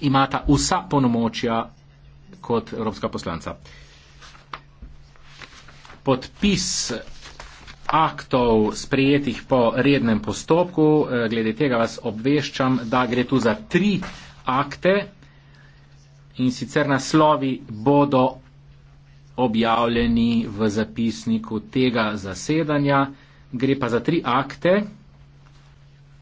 imata vsa ponomočja kot evropska poslanca. Podpis aktov sprejetih po rednem postopku, eh, glede tega vas obveščam, da gre tu za tri akte in sicer naslovi bodo objavljeni v zapisniku tega zasedanja. Gre pa za tri akte.